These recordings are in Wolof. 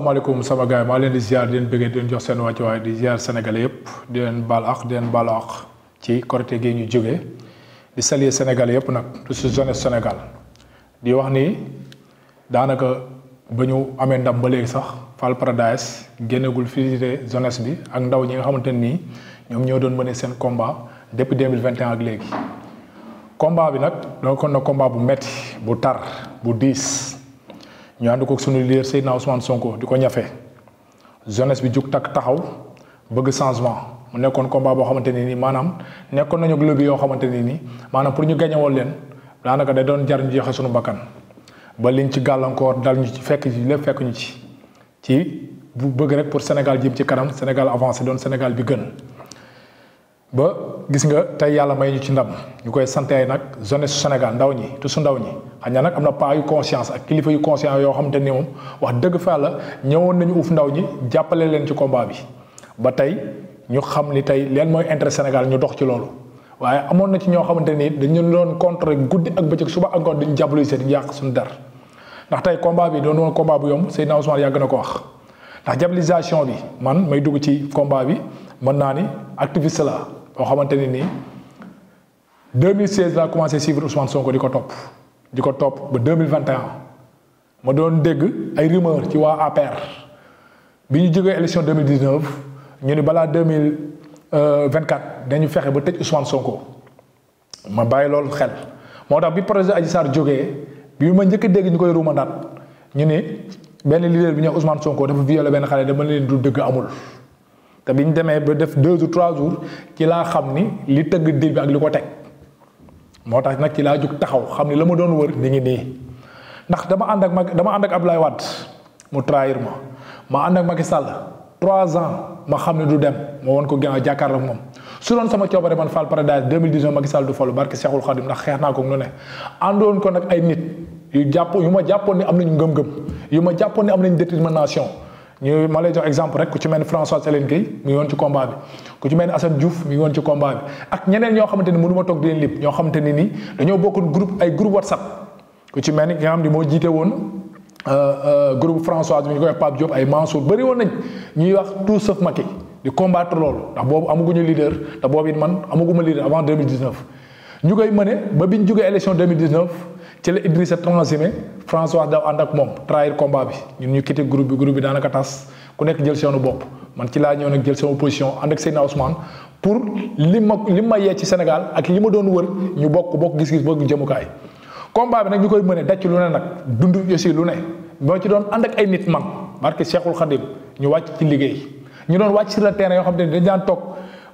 asalaamaaleykum sama gars yi maa leen di ziar di leen bëggee di leen jox seen wàccuwaay di ziar sénégalais yëpp di leen baal ak di leen baalu ak ci Korité gi ñu jógee di saluer sénégalais yëpp nag tout ce jeune di wax ni daanaka ba ñu amee ndam ba léegi sax Fall Paradise génnegul félicité jeunesse bi ak ndaw ñi nga xamante nii ñoom ñoo doon mëne seen combat depuis 2021 ak léegi combat bi nag doon kon na combat bu metti bu tar bu diis ñu ànd ko liir leader Seydina Ousmane Sonko di ko ñafe jeunesse bi jug takk taxaw bëgg changement. mu nekkoon combat boo xamante ne nii maanaam nekkoon nañu ak yoo xamante ne nii maanaam pour ñu gañe leen daanaka day doon jar ñu joxe suñu bakkan ba liñ ci gàllankoor dal ñu ci fekk ci lépp fekk ñu ci ci bu bëgg rek pour Sénégal jëm ci kanam Sénégal avancé doon Sénégal bi gën. ba gis nga tey yàlla may ñu ci ndam ñu koy santé ay nag jeunesse Sénégal ndaw ñi te su ndaw ñi xañ na nag am na pas yu conscience ak kilifa yu conscience yoo xamante ni moom wax dëgg fa la ñëwoon nañu uuf ndaw ñi jàppale leen ci combat bi ba tey ñu xam ni tey leen mooy intérêt Sénégal ñu dox ci loolu waaye amoon na ci ñoo xamante ni dañu loon contre guddi ak bëccëg suba ak ngoon dañu diaboliser di yàq suñu der ndax tey combat bi doon woon combat bu yomb Seydina Ousmane yàgg na ko wax ndax jablisation bi man may dugg ci combat bi mën naa ni activiste la boo xamante ni nii 2016 laa commencé suivre Ousmane Sonko di ko topp. di ko topp ba deux mille vingt et ma doon dégg ay rumeur ci waa APR bi ñu jógee élection deux mille dix neuf ñu ni balaa deux mille vingt quatre dañu fexe ba tëj Ousmane Sonko ma bàyyi loolu xel moo tax bi projet Adji Sarr jógee bi ma njëkk dégg ñu koy ruumandaat ñu ni benn leader bi ñu Ousmane Sonko dafa violé benn xale dama leen du dégg amul. te bi ñu demee ba def deux ou trois jours ci laa xam ni li tëgg dil bi ak li ko teg. moo tax nag ci laa jug taxaw xam ni la ma doon wër ni ngi nii ndax dama ànd ak mag dama ànd ak Abdoulaye Wade mu trahir ma ma ànd ak Sall trois ans ma xam ne du dem ma won ko gànnaaw jàkkaarloo ak moom su doon sama coobare man Fall Paradise 2018 Macky Sall du falu barke Cheikhul Khadim ndax xeex naa ko lu ne àndoon ko nag ay nit yu jàpp yu ma jàppoon ni am nañu ngëm-ngëm yu ma jàppoon ne am nañu détermination ñu ma lay jox exemple rek ku ci mel ni François Hélène Guèye mu ngi woon ci combat bi ku ci mel ni Assane Diouf mu ngi woon ci combat bi ak ñeneen ñoo xamante ni mënu ma toog di leen lim ñoo xamante ni nii dañoo bokkul groupe ay groupe WhatsApp ku ci mel ni nga xam ni moo jiite woon euh, euh, groupe François bi ñu koy Pape Diop ay Mansour bëri woon nañ ñuy wax tout sauf Macky di combattre loolu ndax boobu amaguñu leader te boobu it man amaguma leader avant 2019 ñu koy mëne ba biñ jógee élection 2019 ci la Idrissa transhumé François daw ànd ak moom trahir combat bi ñun ñu quitté groupe bi groupe bi daanaka tas ku nekk jël seenu bopp man ci laa ñëw nag jël sama position ànd ak Seydina Ousmane pour li ma li ma yee ci Sénégal ak li ma doon wër ñu bokk bokk gis-gis boo jëmukaay combat bi nag ñu koy mëne dacc lu ne nag dund aussi lu ne moo ci doon ànd ak ay nit man barke Cheikhul Khadim ñu wàcc ci liggéey ñu doon wàcc si le terrain yoo xam ne dañ daan toog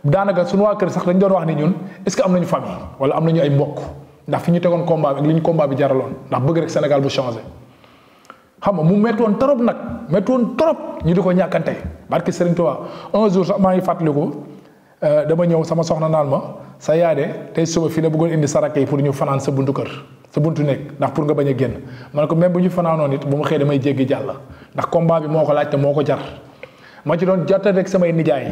daanaka suñu waa kër sax dañ doon wax ni ñun est-ce que am nañu famille wala am nañu ay mbokk ndax fi ñu tegoon combat bi ak li ñu combat bi jaraloon ndax bëgg rek Sénégal bu changé xam nga mu méttoon trop nag méttoon trop ñu di ko ñàkkante barki Serigne Touba un jour sax maa ngi fàttaliku euh, dama ñëw sama soxna naan ma sa yaade tey suba fii la bëggoon indi saraka yi pour ñu fanaan sa buntu kër sa buntu nekk ndax pour nga bañ a génn man ko même bu ñu fanaanoon it bu mu xëy damay jéggi jàll ndax combat bi moo ko laajte moo ko jar ma ci doon jottali rek samay nijaay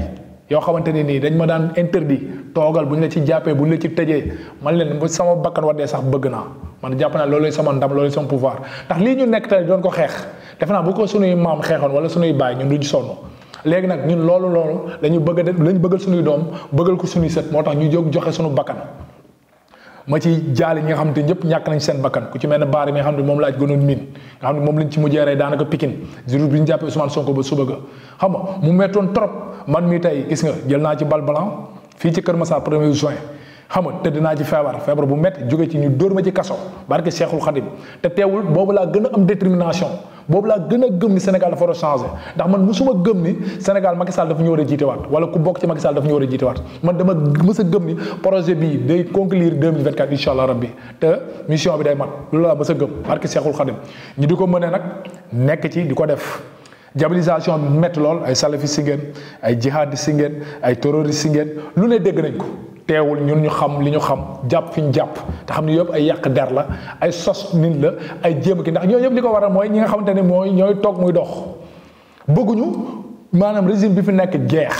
yoo xamante ne nii dañ ma daan interdit toogal bu ñu la ci jàppee bu ñu la ci tëjee man leen bu sama bakkan dee sax bëgg naa man jàpp naa loolu sama ndam loolu sama pouvoir ndax lii ñu nekk tamit doon ko xeex defe naa bu ko sunuy maam xeexoon wala sunuy baay ñun duñ sonn léegi nag ñun loolu loolu lañu bëgg a lañu bëggal sunuy doom bëggal ko sunuy set moo tax ñu jóg joxe sunu bakkan ma ci jaali ñi nga xam te ñëpp ñàkk nañ seen bakkan ku ci mel ne baar mi nga xam ne moom laaj gënoon miin nga xam ne moom lañ ci mujjee rey daanaka pikin jour bi ñu jàppee Ousmane Sonko ba suba ga xam nga mu mettoon trop man mi tey gis nga jël naa ci bal blanc fii ci Kër Massar premier juin xam nga tëdd naa ci feebar feebar bu métti jóge ci ñu dóor ma ci kaso barke Cheikhul Khadim te teewul boobu laa gën a am détermination boobu laa gën a gëm ni Sénégal dafa war a changé ndax man musuma gëm ni Sénégal Macky Sall dafa ñu war a jiitewaat wala ku bokk ci Macky Sall dafa ñu war a jiitewaat man dama mës a gëm ni projet bi day conclure 2024 incha allah rabbi te mission bi day mat loolu laa mës a gëm barke Seexul Xadim ñu di ko mënee nag nekk ci di ko def. jabilisation bi lool ay salafis si ngeen ay jihadis si ngeen ay terroristes si ngeen lu ne dégg nañ ko. teewul ñun ñu xam li ñu xam jàpp fi ñu jàpp te xam ne yëpp ay yàq der la ay sos nit la ay jéem ki ndax ñoo yëpp li ko waral mooy ñi nga xamante ne mooy ñooy toog muy dox bëgguñu maanaam régime bi fi nekk jeex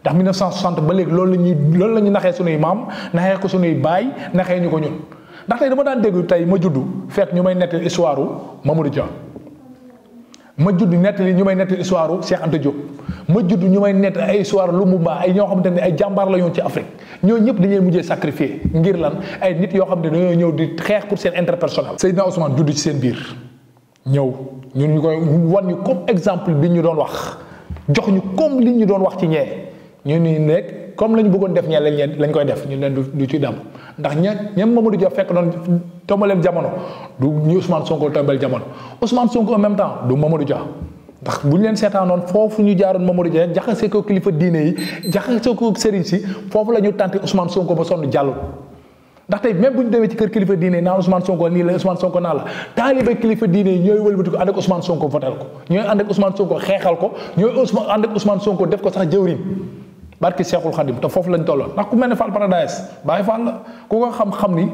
ndax 1960 ba léegi loolu la ñuy loolu la ñu naxee suñuy maam naxee ko suñuy baay naxee ñu ko ñun ndax dama daan dégg tey ma juddu fekk ñu may nekk mu Mamadou jox ma judd nettali ñu may nettali histoire Cheikh Anta Diop ma judd ñu may nett ay histoire Lumumba ay ñoo xamante ne ay jàmbaar la ñoon ci Afrique ñoo ñëpp dañuy mujjee sacrifié ngir lan ay nit yoo xam ne dañoo ñëw di xeex pour seen interpersonnel. Seydina Ousmane judd ci seen biir ñëw ñun ñu koy wan ñu comme exemple bi ñu doon wax jox ñu comme li ñu doon wax ci ñee ñu ni nekk comme la ñu bëggoon def ñee lañ leen lañ koy def ñu leen du ci dem ndax ña ñam Mamadou Dia fekk noonu tombaleen jamono du ñu Ousmane Sonko tombal jamono Ousmane Sonko en même temps du Mamadou jox ndax bu ñu leen seetaanoon foofu ñu jaaroon Mamadou Dia jaxase ko kilifa diine yi jaxase ko sëriñ si foofu la ñu tànte Ousmane Sonko ba sonn jàllul ndax tey même bu ñu demee ci kër kilifa diine naan Ousmane Sonko nii la Ousmane Sonko naa la taalibe kilifa diine yi ñooy wëlbati ko ànd ak Ousmane Sonko votel ko ñooy ànd ak Ousmane Sonko xeexal ko ñooy Ousmane ànd ak Ousmane Sonko def ko sax jëwriñ barki Seexul Xadim te foofu lañ tolloon ndax ku mel ne Fall Paradise Baye Fall la ku ko xam-xam ni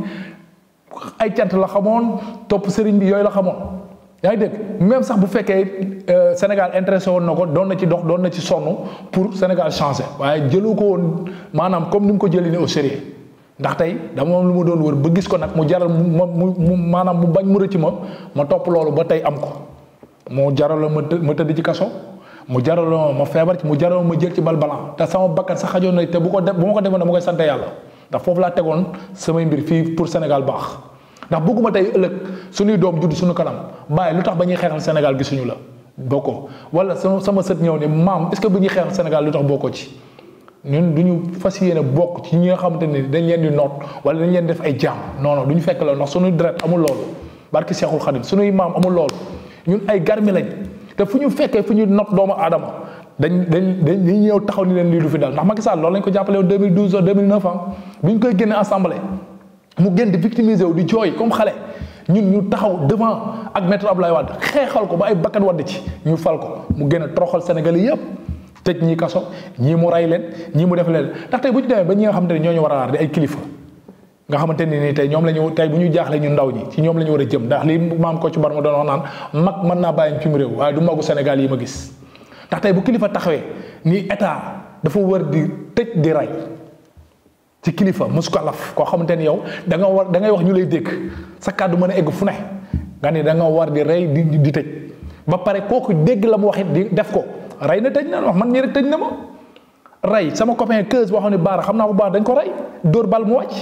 ay cant la xamoon topp sëriñ bi yooyu la xamoon. yaa ngi dégg même sax bu fekkee euh, Sénégal intéressé woon na ko doon na ci dox doon na ci sonn pour Sénégal changer waaye jëlu ko woon maanaam comme ni mu ko jëlee nii au sérieux ndax tey dama moom lu ma doon wër ba gis ko nag mu jaral mu mu maanaam mu bañ mu rëcc ma ma topp loolu ba tey am ko moo jaral ma ma tëdd ci kaso. mu jaraloo ma feebar ci mu jaraloo ma jël ci bal balan te sama bakkan sax xajoon na te bu ko def bu ma ko defoon dama koy sant yàlla ndax foofu laa tegoon samay mbir fii pour Sénégal baax ndax bëgguma tey ëllëg suñuy doom judd suñu kanam bàyyi lu tax ba ñuy xeexal Sénégal gisuñu la bokkoo wala sama sama sët ñëw ne maam est-ce bu ñuy xeexal Sénégal lu tax bokkoo ci ñun du ñu fas yéene bokk ci ñi nga xamante ni dañ leen di noot wala dañ leen def ay jaam non du ñu fekk la ndax suñuy deret amul loolu barki Seexul Xadim suñuy maam amul loolu ñun ay garmi lañ te fu ñu fekkee fu ñu nopp doomu aadama dañ dañ dañ ñëw taxaw ni leen lii du fi dal ndax Macky Sall loolu lañ ko jàppale woon 2012 ou 2009 ñu koy génne assemblée mu génn di victimiser wu di jooy comme xale ñun ñu taxaw devant ak maître Abdoulaye Wade xeexal ko ba ay bakkan wadd ci ñu fal ko mu génn troxal Sénégalais yépp tëj ñii kaso ñii mu rey leen ñii mu def leen ndax tey bu ñu demee ba ñi nga xam ne ñoo ñu war a aar di ay kilifa. nga xamante ni nii tey ñoom la ñu tey bu ñu jaaxle ñu ndaw ñi ci ñoom la ñu war a jëm ndax li maam ko ci bar ma doon wax naan mag mën naa bàyyi ci mu réew waaye du magu Sénégal yi ma gis ndax tey bu kilifa taxawee nii état dafa war di tëj di rey ci kilifa muskalaf koo xamante ni yow danga nga war da ngay wax ñu lay dégg sa mën a fu ne nga ni da nga war di rey di di tëj ba pare kooku dégg la mu wax it di def ko rey na tëj naan wax man ñi rek tëj na ma rey sama copain keuse boo xam ne baara xam naa bu baax dañ ko rey dóor bal mu wàcc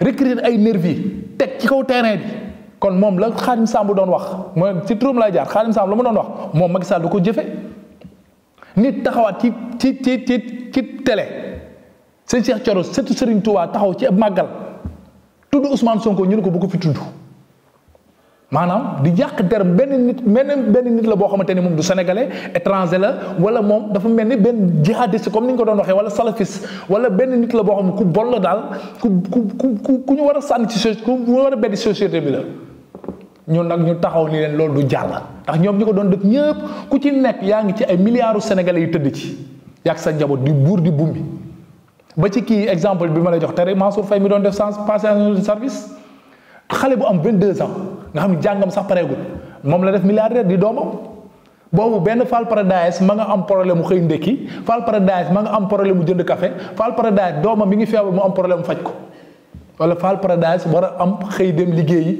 recruter ay nervi teg ci kaw terrain bi kon moom la Xaadim Samb doon wax mooy ci turam lay jaar Xaadim Samb la mu doon wax moom Macky Sall ko jëfe nit taxawaat ci ci ci ci ci télé sëñ Cheikh Thioro sëtu Serigne Touba taxaw ci ab màggal tudd Ousmane Sonko ñu ne ko bu ko fi tudd maanaam di yàq der benn nit benn benn nit la boo xamante ni moom du sénégalais étranger la wala moom dafa mel ni benn jihadiste comme ni ñu ko doon waxee wala salafiste wala benn nit la boo xam ne ku bon la daal ku ku ku ku ñu war a sànni ci so ku ñu war a beddi société bi la. ñun nag ñu taxaw ni leen loolu du jàll ndax ñoom ñi ko doon def ñëpp ku ci nekk yaa ngi ci ay milliards sénégalais yu tëdd ci yàq sa njaboot di buur di bumbi ba ci kii exemple bi ma lay jox tere Mansour Faye mi doon def sans passation de service xale bu am 22 ans. nga xam jàngam sax pareegul moom la def milliardaire di doomam boobu benn Fall Paradise ma nga am problème mu xëy ndékki Fall Paradise ma nga am problème mu jënd café Fall Paradise doomam mi ngi feebal mu am problème mu faj ko wala Fall Paradise war a am xëy dem liggéeyi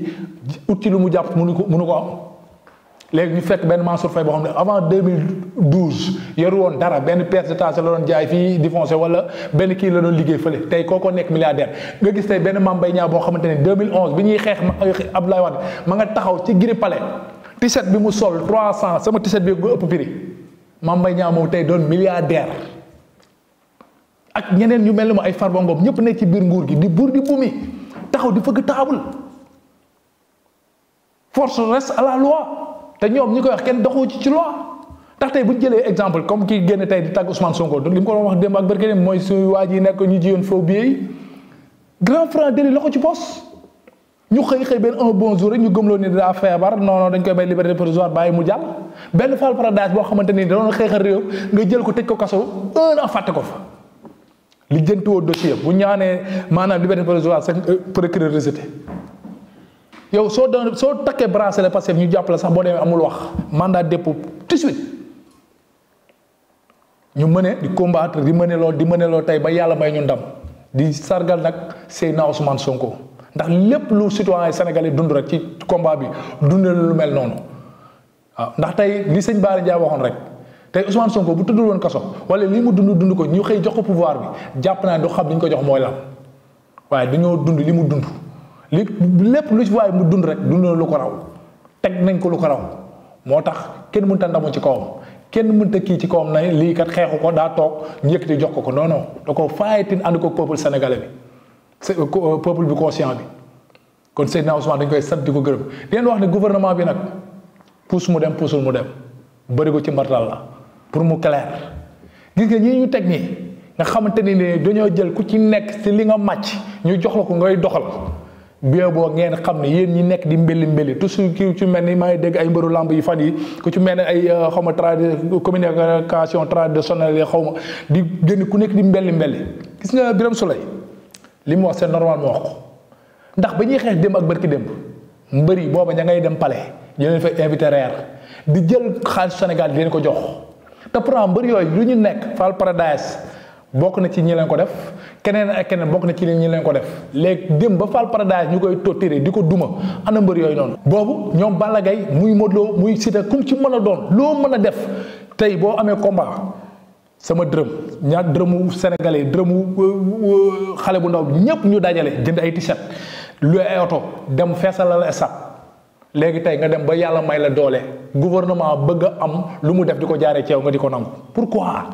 ut ci lu mu jàpp mu nu ko mënu ko am. léegi ñu fekk benn Mansour Faye boo xam ne avant 2012 yoru woon dara benn pièce d'état la doon jaay fii di foncé wala benn kii la doon liggéey fële tey kooko nekk milliardaire nga gis tey benn Mame Mbaye Niang boo xamante ne 2011 bi ñuy euh, xeex Abdoulaye Wade ma nga taxaw ci giri palais t-shirt bi mu sol 300 sama t-shirt bi gu ëpp prix Mame Mbaye Niang moom tey doon milliardaire ak ñeneen ñu mel ni ma ay Farba Ngom ñëpp nekk ci biir nguur gi di buur di bumi taxaw di fëgg taabul force reste loi te ñoom ñi koy wax kenn doxu ci ci loi tax tey bu ñu jëlee exemple comme kii génn tey di tàgg Ousmane Sonko li mu ko doon wax démb ak barke dem mooy suy waa ji nekk ñu jiyoon faux billets yi grand franc deli la ko ci poos ñu xëy xëy benn un bon jour rek ñu gëmloo ni daa feebar non non dañ koy bay liberté provisoire bàyyi mu jàll benn Fall Paradise boo xamante ni da doon xeexal réew nga jël ko teg ko kaso un an fàtte ko fa. li jëntuwoo dossier bu ñaanee maanaam liberté provisoire sax euh, procureur rejeté yow soo doon soo takkee la bracelet Pastef ñu jàpp la sax boo demee amul wax mandat dépôt tout de suite ñu mëne di combattre di mëne lool di mëne lool tey ba yàlla may ñu ndam di sargal nag Seydina Ousmane Sonko ndax lépp lu citoyen sénégalais dund rek ci combat bi dund lu mel noonu waaw ndax tey li sëñ Bara Ndiaye waxoon rek tey Ousmane Sonko bu tuddul woon kaso wala li mu dund dund ko ñu xëy jox ko pouvoir bi jàpp naa du xam li ñu ko jox mooy la waaye dañoo dund li mu dund. li lépp lu ci waaye mu dund rek dund lu ko raw teg nañ ko lu ko raw moo tax kenn mun mënta ndamu ci kawam kenn mun mënta kii ci kawam na lii kat xeexu ko daa toog ñu yëkkati jox ko ko non non da ko faayatin ànd ko peuple sénégalais bi c'est euh, euh, peuple bi conscient bi kon Seydina Ousmane dañ koy sant di ko gërëb di leen wax ne gouvernement bi nag puus mu dem puusul mu dem bëri ko ci mbartal la pour mu clair gis nga ñii ñu teg nii nga xamante ni ne dañoo jël ku ci nekk si li nga màcc ñu jox la ko ngay doxal bien boo ngeen xam ne yéen ñi nekk di mbéli mbéli toujours ki ci mel ni maa ngi dégg ay mbëru lamb yi fan yi ku ci mel ni ay euh, xaw ma trad communication traditionnelle yi xaw ma di génn ku nekk di mbelli mbelli gis nga Birame Souleye li mu wax c'est normal mu wax ko ndax ba ñuy xeex démb ak barki démb mbëri booba ña ngay dem palais ñu leen fay invité di jël xaalis Sénégal di leen ko jox te pourtant mbër yooyu lu ñu nekk Fall Paradise bokk na ci ñi leen ko def keneen ay keneen bokk na ci li ñu leen ko def léegi dem ba Fall Paradise ñu koy torturé di ko duma ana mbër yooyu noonu boobu ñoom Balla gay muy Modou loo muy Siteu kum ci mën a doon loo mën a def tey boo amee combat sama dërëm ñaar dërëmu sénégalais dërëmu euh, euh, xale bu ndaw ñépp ñu dajale jënd ay t-shirt lu ay oto dem feesalal esat léegi tey nga dem ba yàlla may la doole gouvernement bëgg a am lu mu def di ko jaaree ci yow nga di ko nangu pourquoi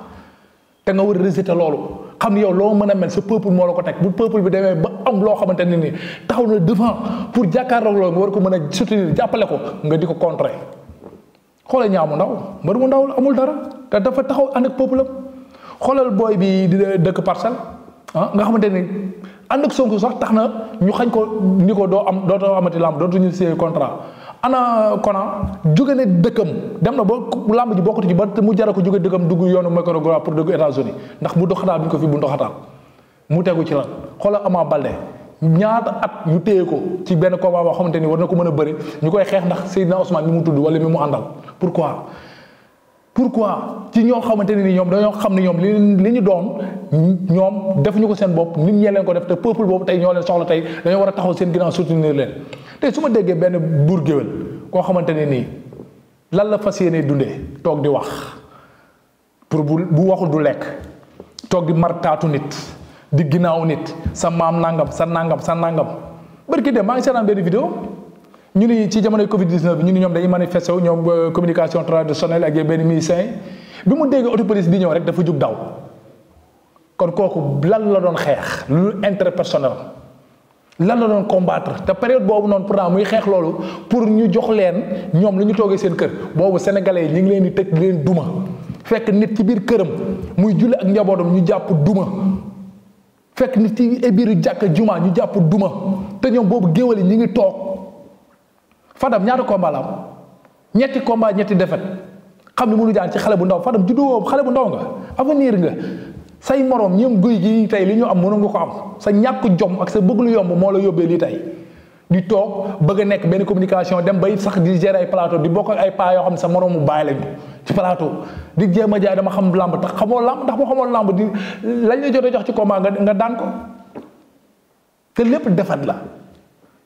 te nga war a loolu xam ne yow loo mën a mel sa peuple moo la ko teg bu peuple bi demee ba am loo xamante ne nii taxaw na devant pour jàkkaarloog loolu nga war ko mën a soutenir jàppale ko nga di ko contrer xoolal ñaamu ndaw mbër mu ndaw la amul dara te dafa taxaw ànd ak peuple xoolal booy bi di dëkk parcelle ah nga xamante ni ànd ak Sonko sax tax na ñu xañ ko ni ko doo am dootoo amati lamb ñu signé contrat. ana Kona jóge na dëkkam dem na ba làmb ji bokkatu ci ba mu jara ko jóge dëkkam dugg yoonu Nicaragua pour dugg États-Unis ndax mu doxataal bi ñu ko fi bu doxataal mu tegu ci lan xoolal Ama Baldé ñu téye ko ci benn combat boo xamante ni war na ko mën a bëri ñu koy xeex ndax Seydina Ousmane mi mu tudd wala mi mu àndal pour pourquoi ci ñoo xamante ne ni ñoom dañoo xam ne ñoom li li ñu doom ñoom defuñu ko seen bopp nit ñee leen ko def te peuple boobu tey ñoo leen soxla tey dañoo war a taxaw seen ginnaaw soutenir leen te su ma déggee benn buur géwél koo xamante ne nii lan la fas yéene dundee toog di wax pour bu bu waxul du lekk toog di martaatu nit di ginnaaw nit sa maam nangam sa nangam sa nangam barki de maa ngi seetaan benn vidéo ñu ni ci jamonoy Covid 19 bi ñu ni ñoom dañuy manifesté wu ñoom euh, communication traditionnelle ak yenn benn ministère bi mu déggee auto di ñëw rek dafa jug daw kon kooku lan la doon xeex lu interpersonnel. lan la doon combattre te période boobu noonu pourtant muy xeex loolu pour ñu jox leen ñoom lu ñu toogee seen kër boobu sénégalais yi ñu ngi leen di tëj di leen duma fekk nit ci biir këram muy julli ak njabootam ñu jàpp duma fekk nit ci biir jàkk juma ñu jàpp duma te ñoom boobu géwél yi ñu ngi toog Fadam ñaata combat am ñetti combat ñetti défaite xam ne mënu jaan ci xale bu ndaw Fadam juddoo xale bu ndaw nga avenir nga say moroom ñoom guy gi tey li ñu am mënoon ko am sa ñàkk jom ak sa bëgg lu yomb moo la yóbbee lii tey di toog bëgg a nekk benn communication dem bay sax di gérer ay plateau di bokk ak ay paa yoo xam ne sa moroomu bàyyi lañu ci plateau jéem a jaay dama xam làmb tax xamoo làmb ndax boo xamoo làmb di lañ la jot a jox ci combat nga nga daan ko te lépp defat la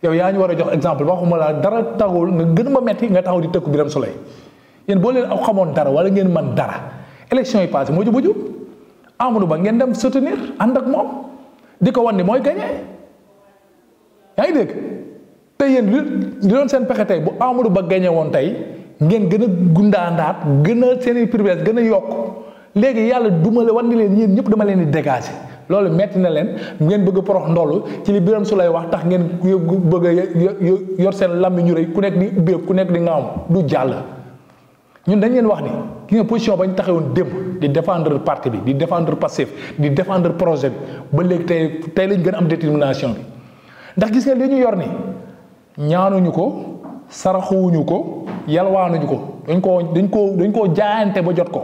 yow yaa ñu war a jox exemple waxuma laa dara taxul nga gën ma metti nga taxaw di tëkku Birame Souleye yéen boo leen aw xamoon dara wala ngeen man dara élection yi passé moo ju Amadou Ba ngeen dem soutenir ànd ak moom di ko wan ni mooy gagné yaa ngi dégg te yéen li doon seen pexe tey bu Amadou Ba gagné woon tey ngeen gën a gundaandaat gën a seen i privilège gën a yokk léegi yàlla dumale wan ni leen yéen ñëpp dama leen di dégager loolu metti na leen ngeen bëgg a porox ndollu ci li su lay wax tax ngeen bëgg a yor seen lammi ñu ku nekk di ubbeeku ku nekk di ngaawam du jàll. ñun dañ leen wax ni ki nga position ba ñu taxawoon démb di défendre parti bi di défendre Pastef di défendre projet bi ba léegi tey tey lañ gën am détermination bi ndax gis nga li ñu yor ni ñaanuñu ko saraxuwuñu ko yalwaanuñu ko dañ koo dañ koo dañ koo jaayante ba jot ko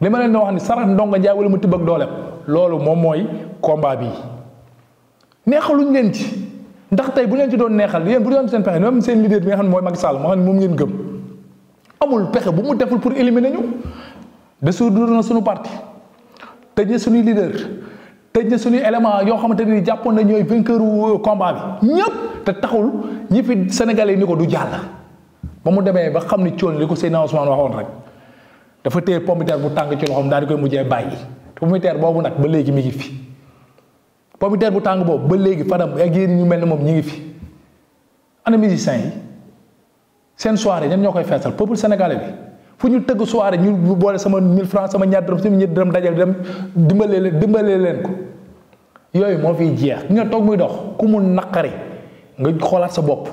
li ma leen di wax ni sarax ndonga jaay wala mu tibb ak dooleem loolu moom mooy combat bi neexaluñ leen ci ndax tey bu leen ci doon neexal yéen bu doon seen pexe même seen leader bi gëm. amul pexe bu mu deful pour éliminer ñu dissoudre na suñu parti tëj na suñuy leader tëj na suñu élément yoo xamante ni jàppoon na ñooy vainqueur euh, combat bi ñëpp te taxul ñi fi sénégalais ni ko du jàll ba mu demee ba xam ni coon li ko Seydina Ousmane waxoon rek dafa téye pomiteer bu tàng ci loxoom daal di koy mujjee bàyyi pomiteer boobu nag ba léegi mi ngi fi pomiteer bu tàng boobu ba léegi fanam ak yéen ñu mel ni moom ñi ngi fi ana musicien yi seen soirée ñoom ñoo koy feesal peuple sénégalais bi fu ñu tëgg soirée ñu boole sama 1000 francs sama ñaar dërëm sama ñetti dërëm dajal dem dimbalee leen dimbalee leen ko yooyu moo fiy jeex nga toog muy dox ku mu naqari nga xoolaat sa bopp.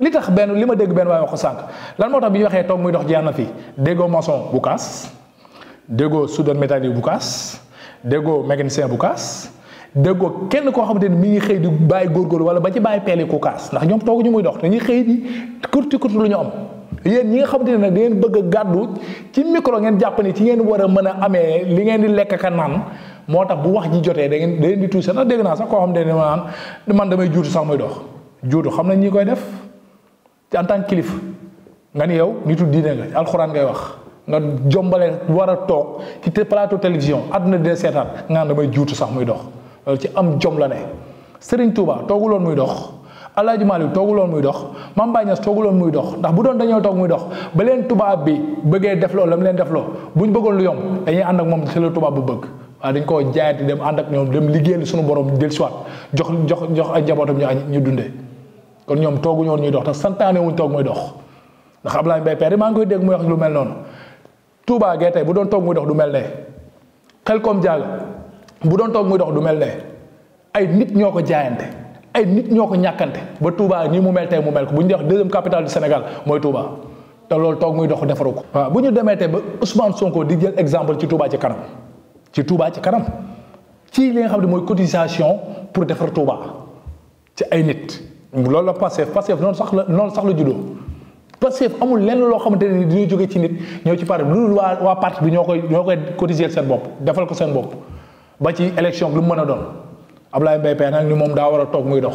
li tax benn li ma dégg benn waaye wax ko sànq lan moo tax bi ñu waxee toog muy dox jeex na fi déggoo maçon bu kaas déggoo soudeur métallique bu kaas déggoo mécanicien bu kaas déggoo kenn koo xamante ni mi ngi xëy di bàyyi góorgóorlu wala ba ci bàyyi peeli ku kaas ndax ñoom tooguñu muy dox dañuy xëy di kurti kurti lu ñu am yéen ñi nga xamante ne nag ngeen bëgg a gàddu ci micro ngeen jàpp ni ci ngeen war a mën a amee li ngeen di lekk ka naan moo tax bu wax ji jotee da ngeen da ngeen di tuuse ndax dégg naa sax koo xamante ne ma naan man damay juutu sax muy dox juutu xam nañ ñi koy def ci tant que kilif nga ni yow nitu diine nga alxuraan ngay wax nga jombale war a toog ci plateau télévision àdduna dee seetaan nga damay juutu sax muy dox loolu ci am jom la ne Serigne Touba tooguloon muy dox Alaaji Maalik loon muy dox Mame Baye Niass tooguloon muy dox ndax bu doon dañoo toog muy dox ba leen tubaab bi bëggee def loo la leen def loo bu ñu bëggoon lu yomb dañuy ànd moom ci la tubaab bu bëgg waaye koo jaayati dem ànd ak ñoom dem liggéeyal suñu borom del siwaat jox jox jox ay njabootam ñu añ ñu dundee kon ñoom tooguñoon ñuy dox te santaane wuñ toog muy dox ndax Ablaye Mbaye Père maa ngi koy dégg mu wax lu mel noonu Touba gee tey bu doon toog muy dox du mel ne xel koom jaaga bu doon toog muy dox du mel ne ay nit ñoo ko jaayante ay nit ñoo ko ñàkkante ba Touba nii mu mel tey mu mel ko bu ñu wax deuxième capitale du Sénégal mooy te loolu toog muy dox defaru ko. waaw bu ñu demee tey ba Ousmane Sonko di jël exemple ci Touba ci kanam ci Touba ci kanam ci li nga xam ne mooy cotisation pour defar Touba ci ay nit. loolu la Pastef Pastef noonu sax la noonu sax la juddoo Pastef amul lenn loo xamante ne ñu jóge ci nit ñëw ci parti bi lu dul waa waa parti bi ñoo koy ñoo koy seen bopp defal ko seen bopp. ba ci élection lu mu mën a doon Ablaye Mbaye Pekh nag ni moom daa war a toog muy dox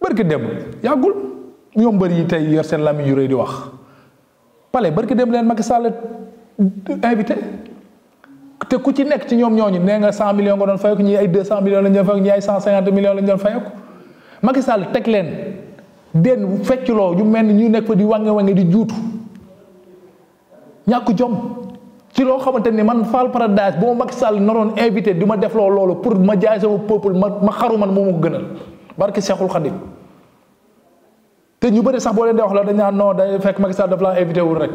barki dem yàggul ñoom bëri yi tey yor seen lamiñ yu rëy di wax pale barki dem leen Macky Sall invité te ku ci nekk ci ñoom ñooñu nee nga 100 millions nga doon fayeku ñi ay 200 millions lañ doon fayeku ñi lañ doon fayeku Macky Sall teg leen den fecculoo yu mel ni ñu nekk fa di wange wange di juutu ñàkk jom ci loo xamante ni man Fall Paradise boo ma Macky Sall naroon invité di ma def loolu pour ma jaay sama peuple ma ma xaru man moo ma ko gënal barke Seexul Xadim te ñu bëri sax boo leen di wax la dañ naan non day fekk Macky Sall daf laa invité wul rek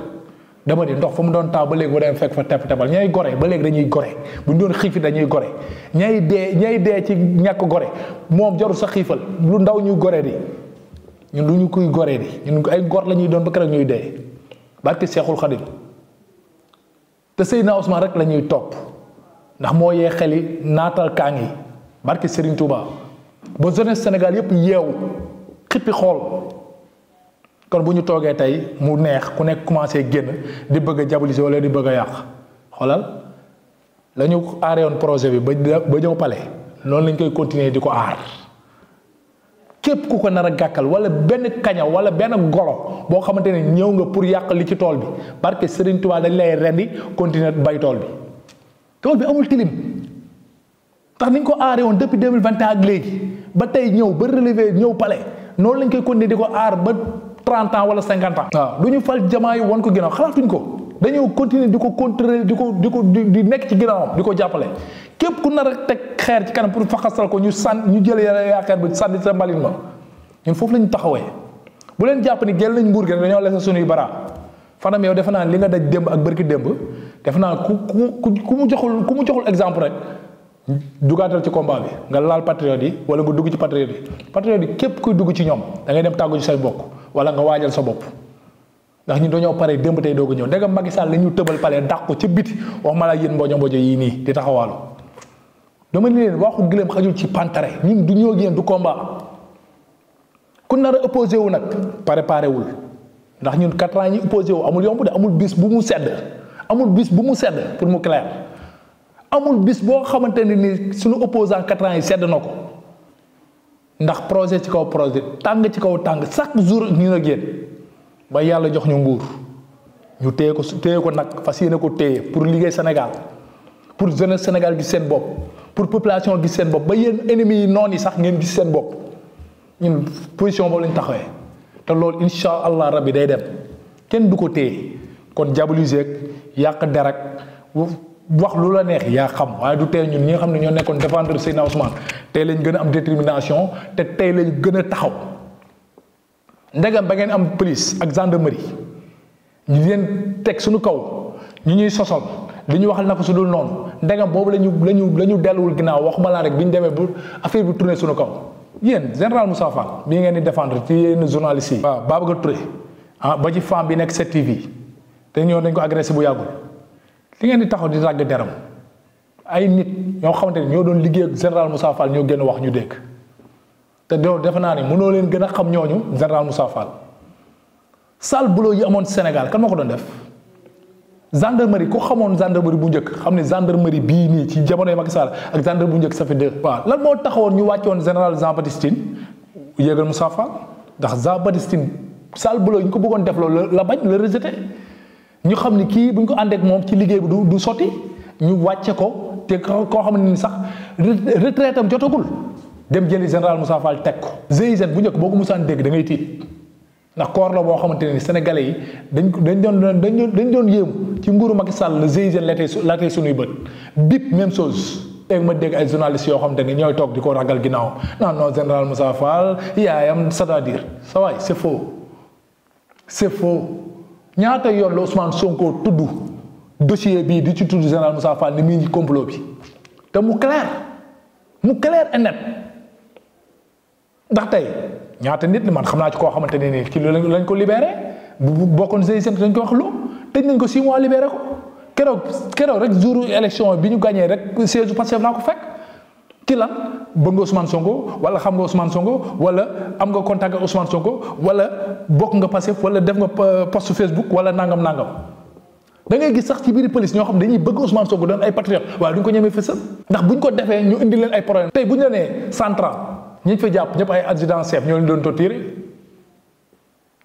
dama di ndox fa mu doon taw ba léegi ba dem fekk fa tepp teppal ñay gore ba léegi dañuy gore bu ñu doon xiifi dañuy gore ñay dee ñay dee ci ñàkk gore moom jarul sa xiifal lu ndaw ñu gore di ñun du kuy gore di ñun ay gor la ñuy doon ba rek ñuy dee barke Seexul Xadim te na Ousmane rek lañuy topp ndax moo yee xeli naatal kaa ngi barki Serigne Touba ba jeunesse senegal yépp yeewu xippi xool kon bu ñu toogee tey mu neex ku nekk commencé génn di bëgg a diaboliser wala di bëgg a yàq xoolal lañu ñu aaree woon projet bi ba ba ñëw pale loolu lañ koy continuer di ko aar. képp ku ko nar a gàkkal wala benn kaña wala benn golo boo xamante ne ñëw nga pour yàq li ci tool bi parce que Serigne Touba dañ lay rendi continuer bay tool bi tool bi amul tilim tax niñ ko aaree woon depuis deux mille vingt et un ak léegi ba tey ñëw ba relevé ñëw pale noonu lañ koy continuer di ko aar ba trente ans wala cinquante ans. waaw du ñu fal jamaa yi woon ko ginnaaw xalaatuñ ko. dañoo continuer di ko contrôler di ko di ko di nekk ci ginnaawam di ko jàppale képp ku nar a teg xeer ci kanam pour faxasal ko ñu sàn ñu jël yaakaar bi sànni sa mbalit ma ñun foofu la ñu taxawee bu leen jàpp ni génn nañ nguur gi rek dañoo lese suñuy bara fanam yow defe naa li nga daj démb ak bërki démb defe naa ku ku ku mu joxul ku mu joxul exemple rek dugaatal ci combat bi nga laal patriote yi wala nga dugg ci patriote yi patriote yi képp kuy dugg ci ñoom da ngay dem tàggu say bokk wala nga waajal sa bopp ndax ñu dañoo pare démb tey doog a ñëw ndegam Macky Sall la ñu tëbal pale dàq ko ca biti wax ma la yéen mbojo mbojo yii nii di taxawaalu dama ni leen waxu gëlëm xajul ci pantare ñun du ñoo génn du combat ku nar a opposé wu nag préparé wul ndax ñun quatre ans yi opposé wu amul yomb de amul bis bu mu sedd amul bis bu mu sedd pour mu clair amul bis boo xamante ne ni suñu opposant quatre yi sedd na ko ndax projet ci kaw projet tàng ci kaw tàng chaque jour ñu na génn ba yàlla jox ñu nguur ñu téye ko téye ko nag fas yéene ko téye pour liggéey Sénégal pour jeunesse Sénégal gis seen bopp pour population bi seen bopp ba yéen ennemis yi noon yi sax ngeen gis seen bopp ñun position boobu lañ taxawee te loolu incha allah rabbi day dem kenn du ko téye kon diaboliser yàq derak wax lu la neex yaa xam waaye du tey ñun ñi nga xam ne ñoo nekkoon défendre Seydina Ousmane tey lañ gën a am détermination te tey lañ gën a taxaw. ndegam ba ngeen am police ak gendarmerie ñu leen teg suñu kaw ñu ñuy sosol li ñu wax na ko su dul noonu ndegam boobu la ñu la ñu la ñu delluwul ginnaaw waxuma laa rek bi ñu demee bu affaire bi tourné suñu kaw yéen général Moussa Fall bii ngeen di defendre ci yenn journalistes yi. waaw Babacar Touré ah ba ci femme bi nekk 7 te ñoo dañ ko agressé bu yàggul li ngeen di taxaw di ràgg deram ay nit ñoo xamante ñoo doon liggéey ak général Moussa Fall ñoo génn wax ñu dégg. te doo defe naa ne mënoo leen gën a xam ñooñu général Moussa Fall sale boulot yi amoon Sénégal kan moo ko doon def gendarmerie ko xamoon gendarmerie bu njëkk xam ne gendarmerie bii nii ci jamonoy Macky Sall ak gendarmerie bu njëkk ça lan moo taxawoon ñu wàccoon général Jean Baptiste Tine yéegal Moussa ndax Jean Baptiste Tine sale boulot yi ñu ko bëggoon def loolu la bañ la rejeté ñu xam ni kii bu ñu ko ànd moom ci liggéey bi du du sotti ñu wàcce ko te koo xam ne ni sax retraitam jotagul. dem jëli général Moussa Fall teg ko GIGN bu njëkk boo ko ngay tiit ndax koor la boo xamante ne sénégalais yi dañ dañ doon dañ dañ doon yéemu ci nguuru Macky Sall la GIGN la tey bët bip même chose. léegi ma dégg ay journalistes yoo xamante ne ñooy toog di ko ragal ginnaawam non non général Moussa Fall yaayam c'est-à-dire sa waay c'est faux c'est faux ñaata yoon la Ousmane Sonko tudd dossier bii di ci tudd général musa Fall ni muy complot bi te mu clair mu clair et ndax tey ñaata nit man xam naa ci koo xamante ne nii ci loolu lañ ko libéré bu bokkoon seen seen dañ ko wax lu tëj ko 6 mois libéré ko keroog rek jour élection bi ñu gagné rek siège Pastef laa ko fekk. ci lan bëgg nga Ousmane wala xam nga Ousmane Sonko wala am nga contact ak Ousmane Sonko wala bokk nga Pastef wala def nga post Facebook wala nangam nangam. da ngay gis sax ci biir police ñoo xam dañuy bëgg Ousmane Sonko doon ndax buñ ko defee ñu indi leen ay problème tey buñ la nee central ñi fa jàpp ñëpp ay adjudant chef ñoo leen doon torturé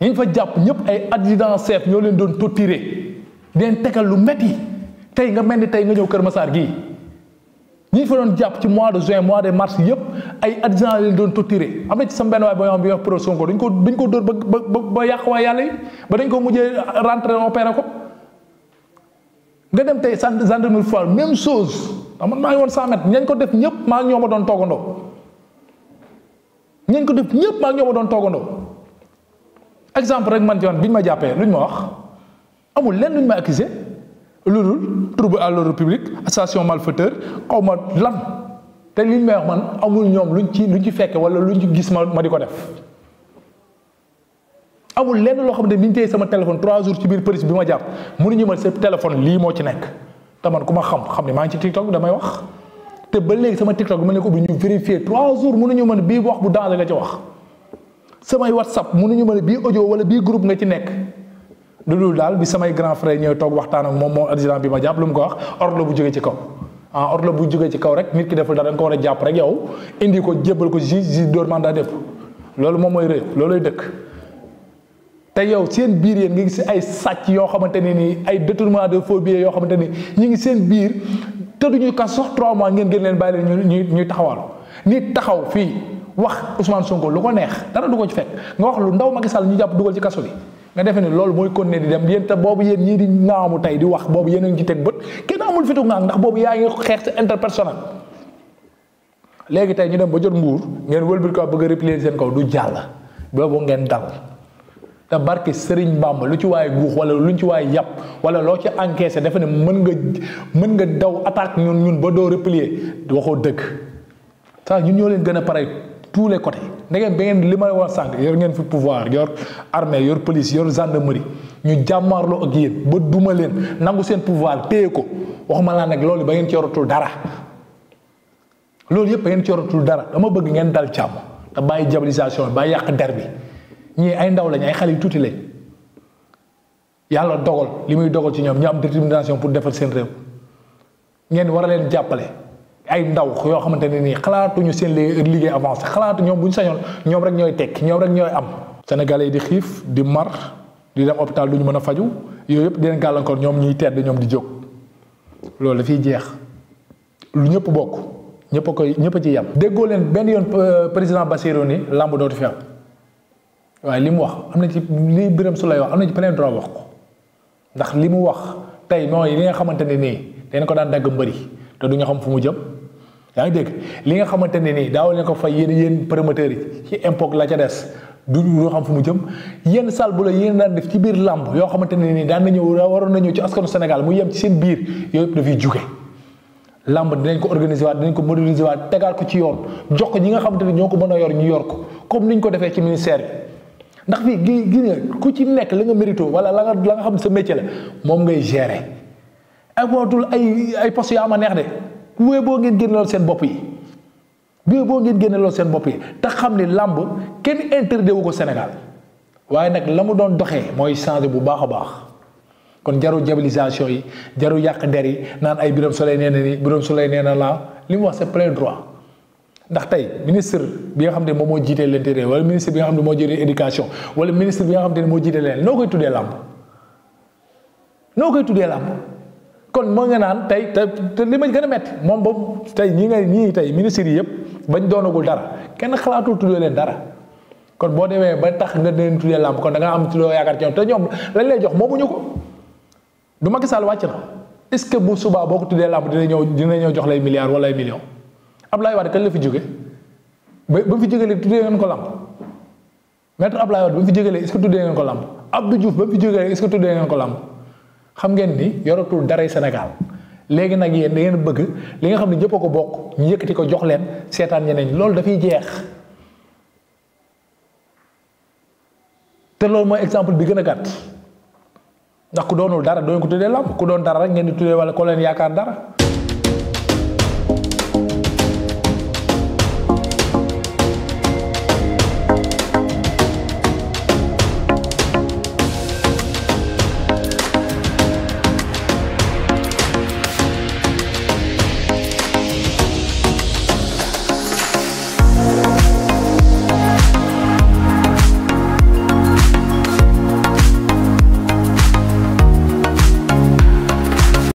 ñi fa jàpp ñëpp ay adjudant chef ñoo leen doon torturé di leen tegal lu yi tey nga mel ni tey nga ñëw Kër Massar gii ñi fa doon jàpp ci mois de juin mois de mars yëpp ay adjudant leen doon torturé am na ci sama benn waay boo xam bi wax pro dañ ko dañ ko dóor ba ba ba yàq waa yàlla yi ba dañ ko mujjee rentré opéré ko nga dem tey gendarmerie foire même chose man naa ngi woon 100 ñañ ko def ñëpp maa ñoo ma doon toogandoo. ñañ ko def ñëpp maa ñoo ma doon toogandoo exemple rek man ci bi ñu ma jàppee luñ ma wax amul lenn luñ ma accusé lu dul trouble à ma lan te liñ may wax man amul ñoom luñ ci luñ ci fekke wala luñ ci gis ma ma di ko def. amul lenn loo xam ne mi ngi téye sama téléphone trois jours ci biir police bi ma jàpp mënuñu ma sa téléphone lii moo ci nekk te man ku ma xam xam ne maa ngi ci TikTok damay wax. te ba léegi sama TikTok bi ma ne ko ubbi ñu vérifier trois jours mënuñu mën bii wax bu danger nga ci wax samay WhatsApp mënuñu mën bii audio wala bii groupe nga ci nekk. lu dul daal bi samay grand frère ñooy toog waxtaan ak moom moom adjudant bi ma jàpp lu ko wax ordre bu jógee ci kaw ah ordre bu jógee ci kaw rek nit ki deful dara nga ko war a jàpp rek yow indi ko jébbal ko juge juge door mandat def loolu moom mooy réew loolooy dëkk. te yow seen biir yéen nga gis ay sàcc yoo xamante ne nii ay détournement de faux billets yoo xamante ni ñu ngi seen biir. te du ñuy kas sax trois mois ngeen gën leen bàyyi ñu ñuy ñuy taxawal nit taxaw fii wax Ousmane Sonko lu ko neex dara du ko ci fekk nga wax lu ndaw Macky Sall ñu jàpp dugal ci kaso bi nga defe ne loolu mooy continuer di dem yéen te boobu yéen ñii di ngaamu tey di wax boobu yéen a ngi ci teg bët kenn amul fitu ngaang ndax boobu yaa ngi xeex ci interpersonnel léegi tey ñu dem ba jot mbuur ngeen wëlbit ko bëgg a réplier seen kaw du jàll boobu ngeen dal te barke Serigne Bamba lu ci waaye guux wala lu ñu ci waaye yàpp wala loo ci encaissé dafa ne mën nga mën nga daw attaque ñun ñun ba doo replier waxoo dëgg saa ñun ñoo leen gën a pare tous les côtés ndegeen ba ngeen li may wax sànq yor ngeen fi pouvoir yor armée yor police yor gendarmerie ñu jàmmaarloo ak yéen ba duma leen nangu seen pouvoir téye ko waxuma laa nag loolu ba ngeen ci yoratul dara loolu yëpp ba ngeen ci yoratul dara dama bëgg ngeen dal càmm te bàyyi diabolisation bàyyi yàq der bi ñii ay ndaw lañu ay xale yu tuuti lañ yàlla dogal li muy dogal ci ñoom ñu am détermination pour defar seen réew ngeen war a leen jàppale ay ndaw yoo xamante ne nii xalaatuñu seen liggéey avance xalaatu ñoom bu ñu sañoon ñoom rek ñooy tekki ñoom rek ñooy am. Sénégalais yi di xiif di mar di dem hôpital du ñu mën a faju yooyu yëpp di gàllankoor ñoom ñuy tedd ñoom di jóg loolu dafiy jeex lu ñëpp bokk ñëpp a koy ñëpp ci yem. déggoo leen benn yoon euh, président Bassirou ni làmb dootu fi waaye li mu wax am na ci li Birame Souleye wax am na ci plein droit wax ko ndax li mu wax tey mooy li nga xamante ne nii dañ ko daan dagg mbëri te du xam fu mu jëm yaa ngi dégg li nga xamante ne nii daaw leen ko fay yéen yéen promoteurs yi ci impôt la ca des du ñu xam fu mu jëm yenn salle bu la yéen daan def ci biir làmb yoo xamante ne nii daan na ñëw waroon na ñëw ci askanu Sénégal mu yem ci seen biir yooyu yëpp dafay jóge làmb dinañ ko organiser waat dinañ ko moderniser waat tegaat ko ci yoon jox ko ñi nga xamante ne ñoo ko mën a yor ñu yor ko comme niñ ko defee ci ministère bi ndax fii gi gi nga ku ci nekk li nga mérito wala la nga xam sa métier la moom ngay gérer importul ay ay postes yu am a neex de bu boo ngeen génne lool seen bopp yi bu boo ngeen génne seen bopp te xam ni làmb kenn interdit wu ko Sénégal waaye nag la mu doon doxee mooy changer bu baax a baax. kon jaru diabolisation yi jaru yàq der yi naan ay biram Souleye nee na nii Birame Souleye nee na laa li mu wax c'est plein droit. ndax tey ministre bi nga xam ne moom moo jiitee l'intérieur wala ministre bi xam ne moo jiitee éducation wala ministre bi nga xam ne moo jiitee leneen noo koy tuddee làmb noo koy tuddee làmb kon moo nga naan tey te te li ma gën moom boobu tey ñi nga ñii tey ministres yi yëpp bañ doonagul dara kenn xalaatul leen dara kon boo demee ba tax nga leen tuddee làmb kon da nga am ci loo yaakaar ci ñoom te ñoom lañ lay jox ñu ko du Macky Sall wàcc na est-ce que bu subaa boo ko tuddee làmb dina ñëw dina ñëw jox lay milliards wala ay Abdoulaye Wade kañ la fi jóge ba ba mu fi jógelee tuddee ngeen ko làmp maître Abdoulaye Wade ba mu fi jógelee est-ce que tuddee ngeen ko làmp Abdou Diouf ba mu fi jógelee est-ce que tuddee ngeen ko làmp xam ngeen ni yoratul daray Sénégal léegi nag yéen da ngeen bëgg li nga xam ne ñëpp a ko bokk ñu yëkkati ko jox leen seetaan ñeneen loolu dafay jeex te loolu mooy exemple bi gën a gàtt ndax ku doonul dara doo ko tuddee làmp ku doon dara rek ngeen di tuddee wala ko leen yaakaar dara.